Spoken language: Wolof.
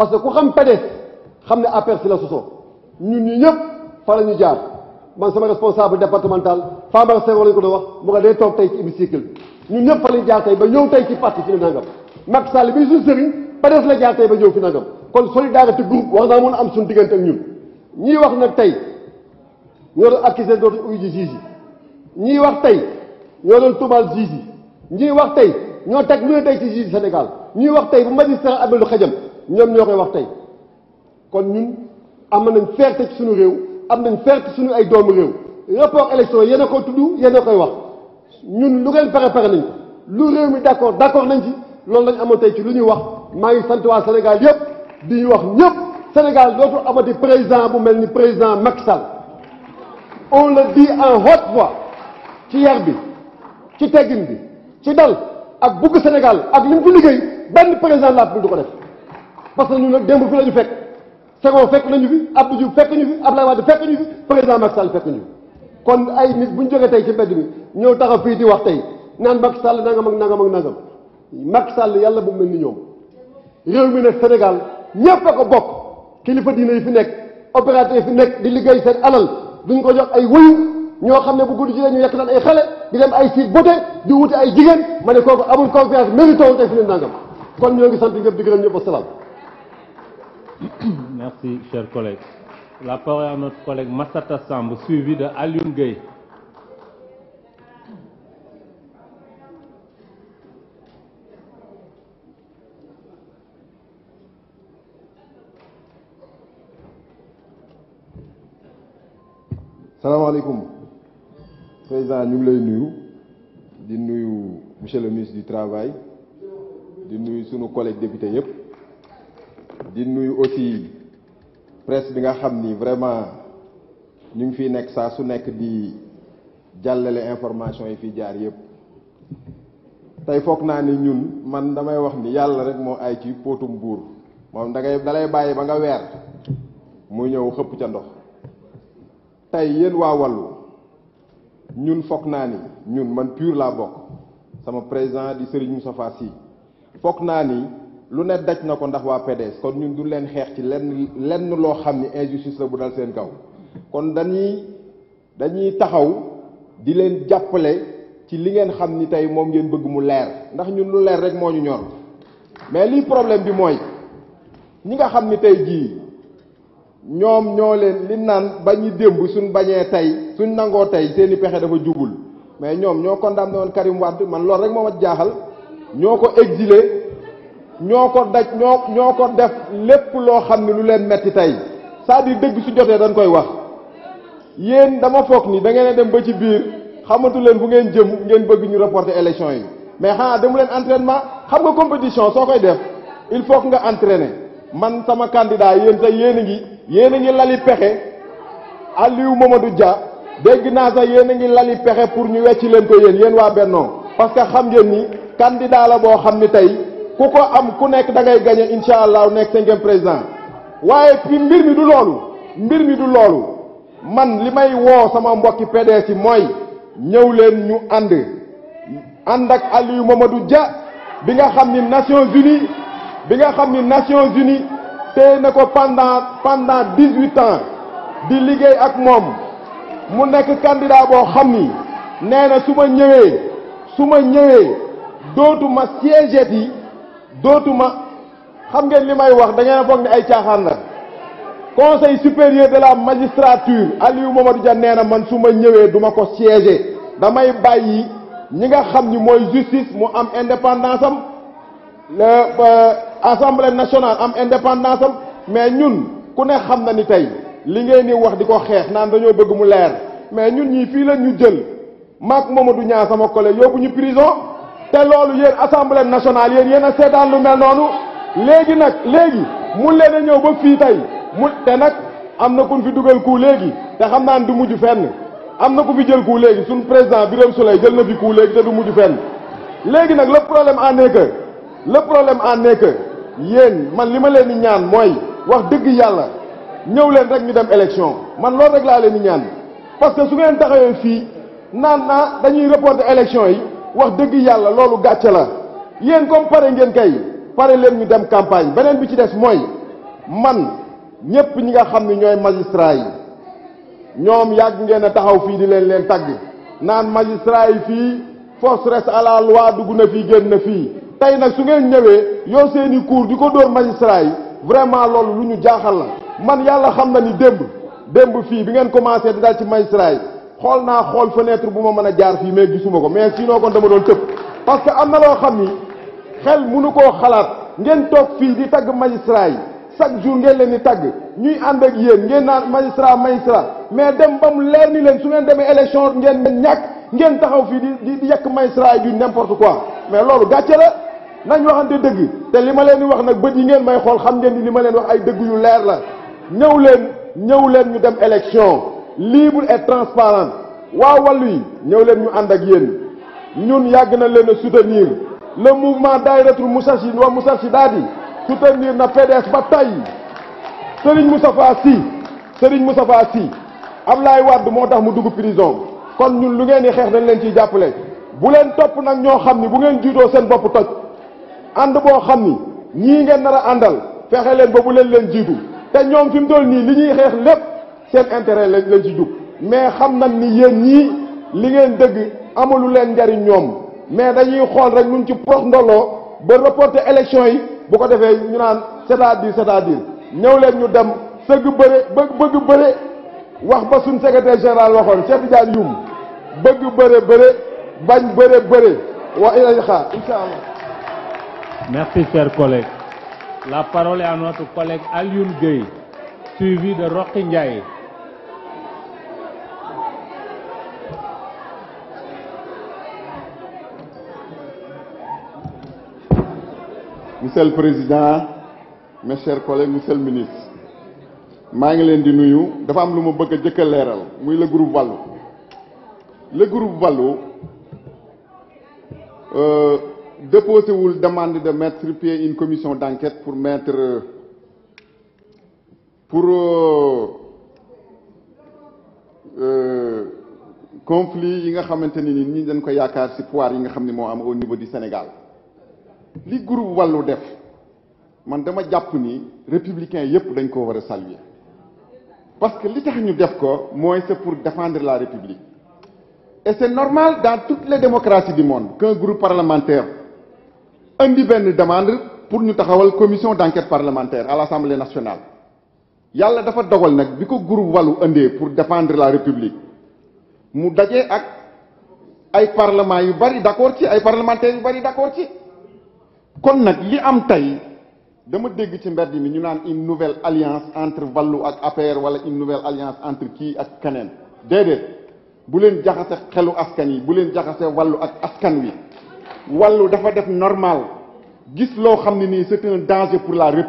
parce que ku xam PDS xam ne APR si la sosoo ñun ñi ñëpp fa la ñu jaar man sama responsable départemental Famara Senghor lañu ko doon wax mu nga day toog tey ci hémicycle ñun ñëpp fa la ñu jaar tey ba ñëw tey ci parti fi ne nangam Macky Sall bi suñu sëriñ PDS la jaar tey ba ñëw fi kon solidarité groupe wax naa mën am suñu diggante ak ñun ñii wax nag tey ñoo doon accusé dootuñu uyu ji juge yi wax tey ñoo doon tuumaal juge yi ñii wax tey ñoo teg lu ne tey ci juge Sénégal ñii wax ñoom ñoo koy wax tey kon ñun am nañ fierté ci suñu réew am nañ fierté suñu ay doomu réew rapport élection yéen a ko tudd yéen a koy wax ñun lu ngeen pare pare nañ ko lu réew mi d'accord d'accord nañ ci loolu nañ amoon tey ci lu ñuy wax maa ngi sant waa Sénégal yëpp di ñu wax ñëpp Sénégal dootul amati président bu mel ni président Macky Sall on le dit en haute voix ci yar bi ci teggin bi ci dal ak bugg Sénégal ak li mu ko liggéey benn président la du ko def parce que ñun nag démb fi la ñu fekk Senghor fekk nañu fi Abdou Diouf fekk ñu fi Abdoulaye Wade fekk ñu fekk ñu fi kon ay nit bu ñu jógee tey ci mbedd mi ñëw taxaw fii di wax tey naan Macky Sall nangam ak nangam ak nangam Macky Sall yàlla bu mel ni ñoom réew mi ne Sénégal ñëpp a ko bokk kilifa diine yi fi nekk opérateur yi fi nekk di liggéey seen alal du ñu ko jox ay wuyu ñoo xam ne bu guddi ci ñu yekk naan ay xale di dem ay siit bote di wuti ay jigéen ma ne kooku amul confiance mérito tey fi ne nangam kon ñoo ngi sant ñëpp di gërëm ñëpp wasalaam Merci, chers collègues. La parole est à notre collègue Massata Samb, suivi de Alioune Gueye. salaamaaleykum président ñu ngi lay nuyu di nuyu monsieur le ministre du travail di nuyu sunu collègue député yëpp. di nuyu aussi presse bi nga xam ni vraiment ñu ngi fi nekk saa su nekk di jàllale information yi fi jaar yëpp tey foog naa ni ñun man damay wax ni yàlla rek moo ay ci póotum buur moom da ngay dalay bàyyi ba nga weer mu ñëw xëpp ca ndox tey yéen waa wàllu ñun foog naa ni ñun man pur laa bokk sama président di Serigne Moustapha Sy foog naa ni lu ne daj na ko ndax waa PDS kon ñun du leen xeex ci lenn lenn loo xam ni injustice la bu dal seen kaw kon dañuy dañuy taxaw di leen jàppale ci li ngeen xam ni tey moom ngeen bëgg mu leer ndax ñun lu leer rek moo ñu ñor mais lii problème bi mooy ñi nga xam ni tey jii ñoom ñoo leen li naan bañ bañu démb suñ bañee tey suñ nangoo tey seeni pexe dafa jubul mais ñoom ñoo condamné woon Karim Wade man loolu rek moo ma jaaxal ñoo ko exilé ñoo ko daj ñoo ñoo ko def lépp loo xam ne lu leen metti tey cest di dire dëgg su jotee dañ koy wax yéen dama foog ni da ngeen dem ba ci biir xamatu leen bu ngeen jëm ngeen bëgg ñu reporter élection yi mais xanaa demu leen entrenement xam nga compétition soo koy def il faut que nga entraîner man sama candidat yéen sax yéen a ngi yéen a ngi lali pexe Aliou Mamadou Dia dégg naa sax yéen a ngi lali pexe pour ñu wecci leen ko yéen yéen waa Bennoo parce que xam ngeen ni candidat la boo xam ni tey ku ko am ku nekk dangay ngay gagné incha allah nekk cinquième président waaye fi mbir mi du loolu mbir mi du loolu man li may woo sama mbokki PDS yi mooy ñëw leen ñu ànd ànd ak Aliou Mamadou Dia bi nga xam ni Nations Unies bi nga xam ni Nations Unies téye na ko pendant pendant dix-huit ans di liggéey ak moom mu nekk candidat boo xam ni nee na su ma ñëwee su ma ñëwee dootuma siégeet yi dootuma xam ngeen li may wax da a foog ne ay caaxaan la conseil supérieur de la magistrature Aliou Mamadou Dia nee na man suma ñëwee duma ko siéger damay bàyyi ñi nga xam ñi mooy justice mu am indépendance am assemblée nationale am indépendance am mais ñun ku ne xam na ni tey li ngeen di wax di ko xeex naan dañoo bëgg mu leer mais ñun ñii fii la ñu jël maak du Niang sama collègue yóbbu ñu prison. te loolu yéen assemblée nationale yéen yéen a seetaan lu mel noonu léegi nag léegi mun leen ñëw ba fii tey mu te nag am na ku fi dugal ku léegi te xam naa du mujj fenn am na ku fi jël ku léegi suñ président Birame Souleye jël na fi ku léegi te du mujj fenn léegi nag le problème en est que le problème en est que yéen man li ma leen di ñaan mooy wax dëgg yàlla ñëw leen rek ñu dem élection man loolu rek laa leen ñaan parce que su ngeen taxawee fii naan naa dañuy reporter élection yi. wax dëgg yàlla loolu gàcce la yéen comme pare ngeen kay pare leen ñu dem campagne beneen bi ci des mooy man ñépp ñi nga xam ni ñooy magistrat yi ñoom yàgg ngeen a taxaw fii di leen leen tagg naan magistrat yi fii force reste à la loi dugg na fii génn na fii tey nag su ngeen ñëwee yow seeni i di ko dóor magistrat yi vraiment loolu lu ñu jaaxal la man yàlla xam na ni démb démb fii bi ngeen commencé di dal ci magistrat xool naa xool fenêtre bu ma mën a jaar fii mais gisuma ko mais sinon ko dama doon tëb parce que am na loo xam ni xel mënu koo xalaat ngeen toog fii di tagg magistrat yi chaque jour ngeen leen di tagg ñuy ànd ak yéen ngeen naan magistrat magistrat mais dem ba mu leer ni leen su ngeen demee élection ngeen ñàkk ngeen taxaw fii di di yekk magistrat yi du n'importe quoi mais loolu gàcce la nañ waxante dëgg te li ma leen di wax nag bët yi ngeen may xool xam ngeen ni li ma leen wax ay dëgg yu leer la ñëw leen ñëw leen ñu dem élection libre et transparente waa wàllu yi ñëw leen ñu ànd ak yéen ñun yàgg na leen a soutenir le mouvement Dahiratoul Moustarchidine wa Moustarchidaty soutenir na PDS ba tey Serigne Moustapha Sy Serigne Moustapha Sy Ablaye Wade moo tax mu dugg prison kon ñun lu ngeen di xeex dañ leen ci jàppale bu leen topp nag ñoo xam ni bu ngeen jiitoo seen bopp toj ànd boo xam ni ñii ngeen nar a àndal fexe leen ba bu leen leen jiitu te ñoom fi mu nii li ñuy xeex lépp seen intérêt lañ lañ ci jug mais xam nañ ni yéen ñii li ngeen dëgg amalu leen njariñ ñoom mais dañuy xool rek ñun ci prox ndoloo ba reporter élection yi bu ko defee ñu naan c'est-à-dire ñëw leen ñu dem sëgg bëre bëgg bëgg bëre wax ba suñ secrétaire général waxoon Cheikh Tidiane Youm bëgg bëre bëre bañ bëre bëre wa ilay xaar incha allah. merci chers collègues la parole est à notre collègue Alioune Gueye suivi de Roqi Ndiaye. monsieur président mes chers collègues monsieur le ministre maa ngi leen di nuyu dafa am lu ma bëgg a jëkk leeral muy le groupe Wallu le groupe Wallu euh, déposé wul demande de mettre sur pied une commission d'enquête pour mettre pour euh, euh, conflit yi nga xamante ni nit ñi dañ ko yaakaar ci pouvoir yi nga xam ne moo am au niveau di Sénégal li group wàllu def man dama jàpp ni républicain yépp dañ ko war a saluer parce que li tax ñu def ko mooy c'est pour defendre la république et c'est normal dans toutes les démocraties du monde qu'un groupe parlementaire indi benn demande pour ñu taxawal commission d'enquête parlementaire à l'Assemblée nationale yàlla dafa dogal nag bi ko group wàllu indee pour défendre la république mu dajee ak ay parlement yu bari d'accord ci ay parlementaires yu bari d'accord ci kon nag li am tey dama dégg ci mbedd mi ñu naan une nouvelle alliance entre Wallu ak APR wala une nouvelle alliance entre kii ak keneen déedéet bu leen jaxase xelu askan yi bu leen jaxase Wallu ak askan wi Wallu dafa def normal gis loo xam ne nii c'est un danger pour la République